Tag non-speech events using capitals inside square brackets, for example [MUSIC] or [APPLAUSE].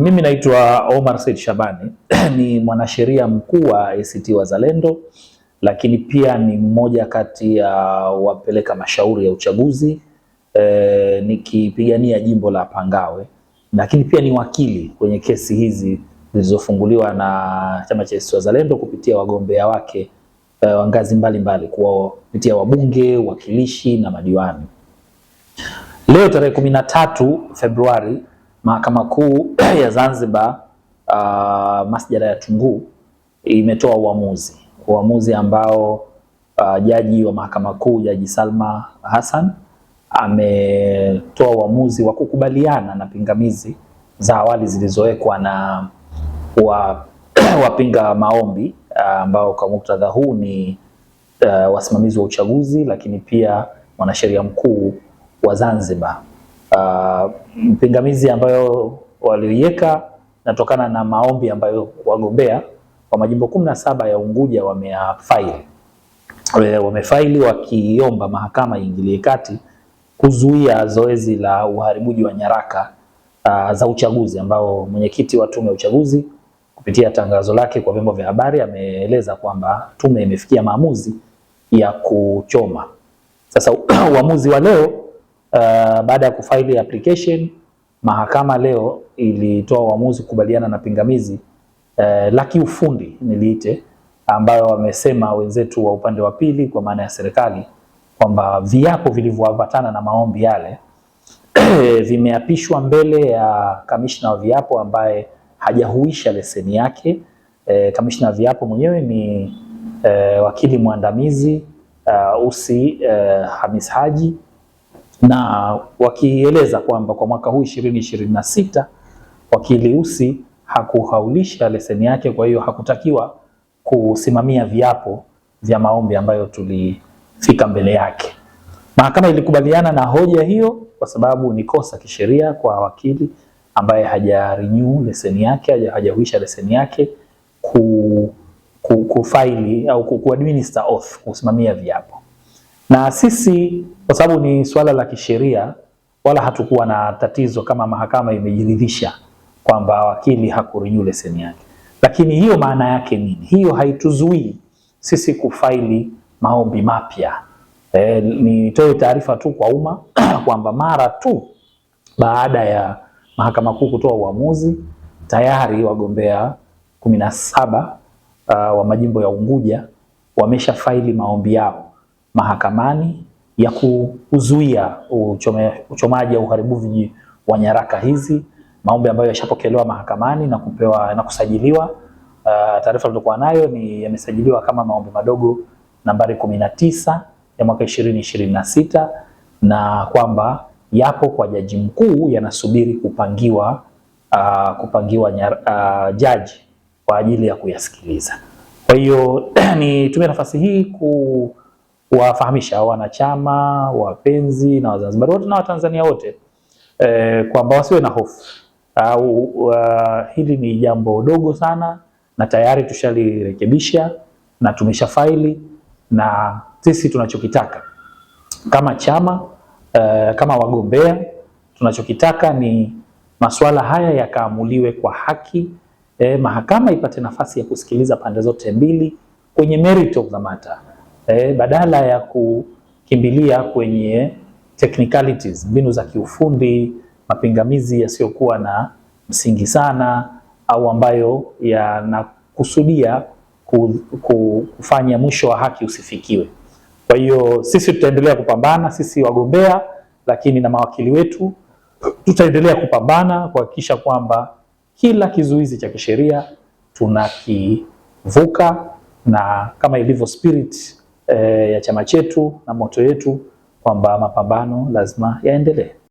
Mimi naitwa Omar Said Shabani [CLEARS THROAT] ni mwanasheria mkuu wa ACT Wazalendo, lakini pia ni mmoja kati ya wapeleka mashauri ya uchaguzi e, nikipigania jimbo la Pangawe, lakini pia ni wakili kwenye kesi hizi zilizofunguliwa na chama cha ACT Wazalendo kupitia wagombea wake eh, wa ngazi mbalimbali kupitia wabunge, wakilishi na madiwani. Leo tarehe kumi na tatu Februari Mahakama Kuu [CLEARS THROAT] ya Zanzibar uh, masjara ya Tunguu imetoa uamuzi, uamuzi ambao uh, jaji wa Mahakama Kuu Jaji Salma Hassan ametoa uamuzi wa kukubaliana na pingamizi za awali zilizowekwa na wa, [CLEARS THROAT] wapinga maombi uh, ambao kwa muktadha huu ni uh, wasimamizi wa uchaguzi lakini pia mwanasheria mkuu wa Zanzibar. Uh, pingamizi ambayo walioiweka natokana na maombi ambayo wagombea wa majimbo kumi na saba ya Unguja wamefaili eh, wamefaili wakiomba mahakama iingilie kati kuzuia zoezi la uharibuji wa nyaraka uh, za uchaguzi ambao mwenyekiti wa tume ya uchaguzi kupitia tangazo lake kwa vyombo vya habari ameeleza kwamba tume imefikia maamuzi ya kuchoma. Sasa [CLEARS THROAT] uamuzi wa leo Uh, baada ya kufaili application mahakama leo ilitoa uamuzi kukubaliana na pingamizi uh, la kiufundi niliite, ambayo wamesema wenzetu wa upande wa pili kwa maana ya serikali kwamba viapo vilivyoambatana na maombi yale [CLEARS THROAT] vimeapishwa mbele ya kamishna wa viapo ambaye hajahuisha leseni yake. E, kamishna wa viapo mwenyewe ni e, wakili mwandamizi uh, Usi uh, Hamis Haji na wakieleza kwamba kwa mwaka huu ishirini ishirini na sita wakili Ussi hakuhaulisha leseni yake, kwa hiyo hakutakiwa kusimamia viapo vya maombi ambayo tulifika mbele yake. Mahakama ilikubaliana na hoja hiyo kwa sababu ni kosa kisheria kwa wakili ambaye hajarenew leseni yake, hajahuisha leseni yake ku, ku, kufaili au ku, oath, kusimamia viapo. Na sisi kwa sababu ni swala la kisheria, wala hatukuwa na tatizo kama mahakama imejiridhisha kwamba wakili hakurenew leseni yake. Lakini hiyo maana yake nini? Hiyo haituzuii sisi kufaili maombi mapya. E, nitoe taarifa tu kwa umma [CLEARS THROAT] kwamba mara tu baada ya mahakama kuu kutoa uamuzi tayari wagombea kumi na saba uh, wa majimbo ya Unguja wamesha faili maombi yao mahakamani ya kuzuia uchomaji au uharibifu wa nyaraka hizi, maombi ambayo yashapokelewa mahakamani na kupewa na kusajiliwa. Uh, taarifa tulikuwa nayo ni yamesajiliwa kama maombi madogo nambari 19 ya mwaka 2026 na kwamba yapo kwa jaji mkuu yanasubiri kupangiwa uh, kupangiwa nyara, uh, jaji kwa ajili ya kuyasikiliza. Kwa hiyo [CLEARS THROAT] nitumie nafasi hii ku kuwafahamisha wanachama, wapenzi na Wazanzibar wote na Watanzania wote e, kwamba wasiwe na hofu au uh, hili ni jambo dogo sana na tayari tushalirekebisha na tumesha faili na sisi tunachokitaka kama chama uh, kama wagombea tunachokitaka ni masuala haya yakaamuliwe kwa haki eh, mahakama ipate nafasi ya kusikiliza pande zote mbili kwenye merit of the matter eh, badala ya kukimbilia kwenye technicalities, mbinu za kiufundi, mapingamizi yasiyokuwa na msingi sana au ambayo yanakusudia kufanya mwisho wa haki usifikiwe. Kwa hiyo sisi tutaendelea kupambana, sisi wagombea, lakini na mawakili wetu tutaendelea kupambana kuhakikisha kwamba kila kizuizi cha kisheria tunakivuka, na kama ilivyo spirit Eh, ya chama chetu na moto yetu kwamba mapambano lazima yaendelee.